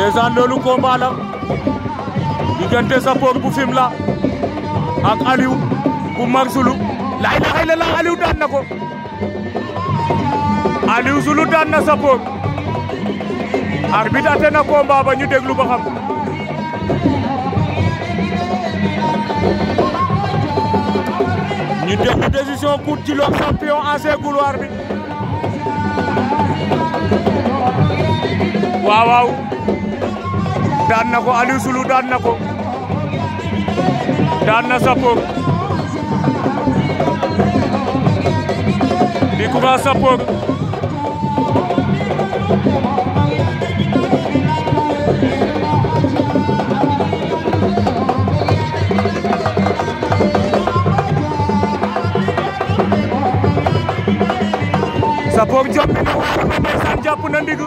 ndeysaan loolu combat la diggante Sapeur bu Fimela ak Aliou bu Mar Zulu la ilaha daan na ko Aliou Zulu daan na Sapeur arbitre ate na combat ba ñu déglu ba xam ñu déglu décision pour ci lo champion ancien couloir bi daan na ko Aliou Soulou daan na ko daan na Sapeur Découvrir Sapeur Sapeur jàpp na ndeysaan jàpp na ndig